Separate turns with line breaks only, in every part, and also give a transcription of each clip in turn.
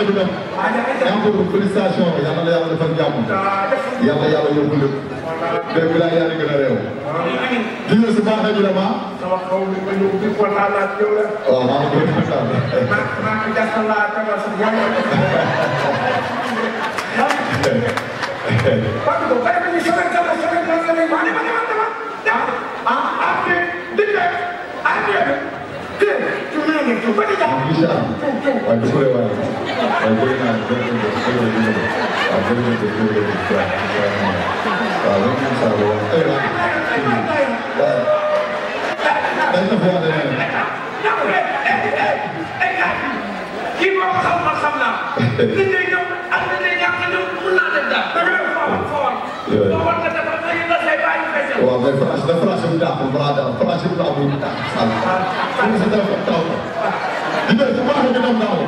ay du dem. yaa ngi ko félicitation yal na la yàlla defal jàmm. yal na yàlla yóbbu lépp. mais bi laa yàlla gën a réew. di nga si baaxee bi dama. waaw maa ngi koy sant. maa ngi gàttal laa tàggat si bu wàllu. ah ah I did not bring the silver unit. I bring the silver unit back. When you saw the one, hey, that's the one that I Keep on coming, my son. Did they know? And did they have to do that? The real farm farm. The one that the waaw mais France de France bi dàqul balaa dara France bi dàqul ñu dàq. waaw waaw waaw. ñu ngi si dara taw. di nga si baax a gën a daaw.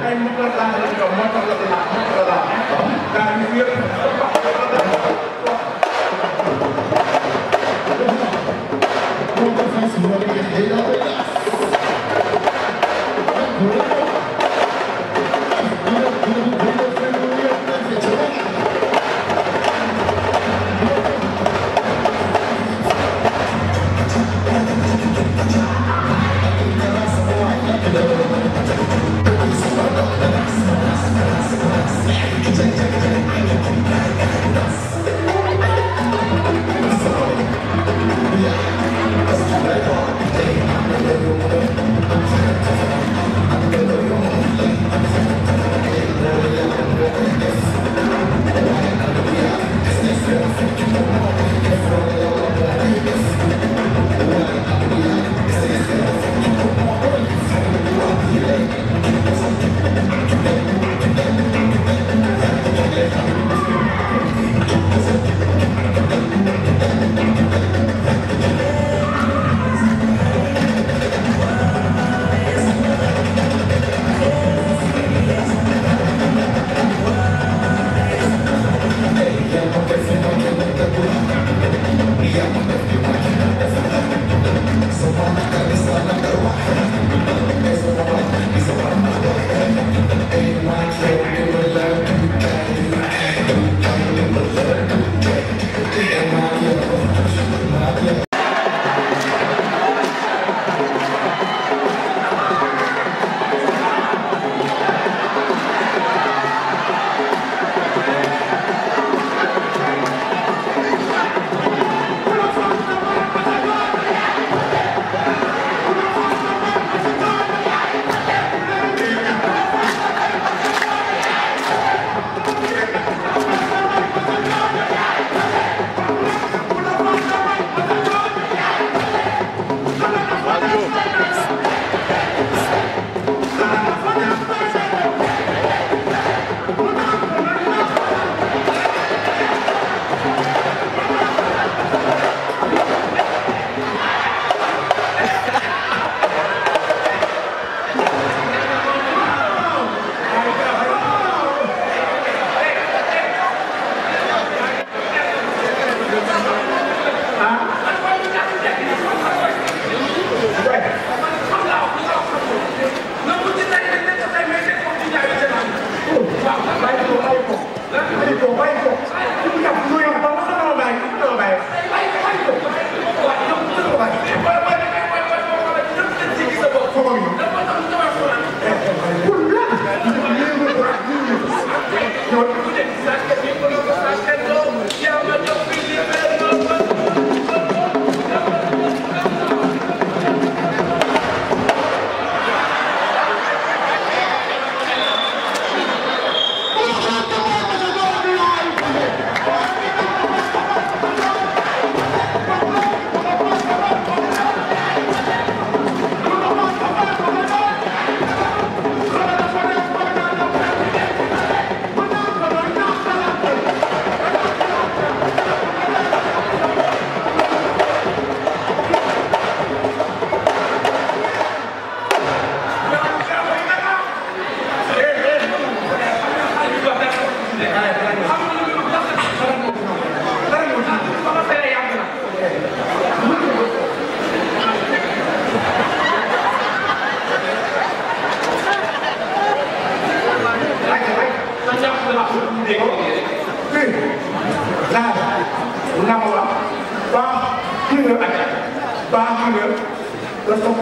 Thank you.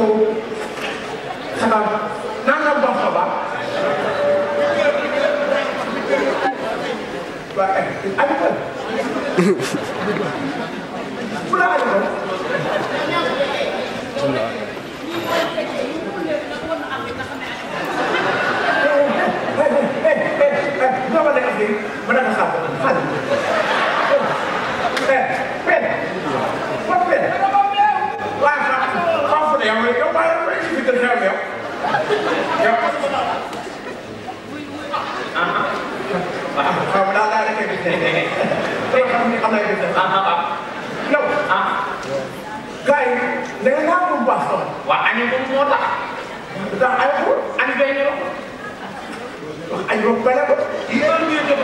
ko xanaa nangam baax a baax. waaye aywa. bu la aywa. fi gën xew yow yow aha ah. waaw daa daa rek gis ne tey xam ni am na gis ne aha waaw yow ah gars yi da nga naan bu baax sama waaw añu ko moo tax ndax ay ko añu day ñëw wax añu ko bale ko yéen ñu jot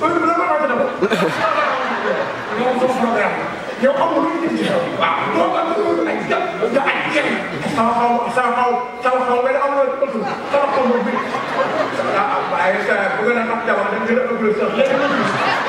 ko heure bi la ma ko def ko sama programme yow amul lu ñu ci xew waaw doo ko amul ay jàpp nga ay jeex sama xaw sama xaw sama xaw nga am loo ëpp sama xaw ma bi ah waaye bu ngeen a xam jamono dañ gën a ëpp sax léegi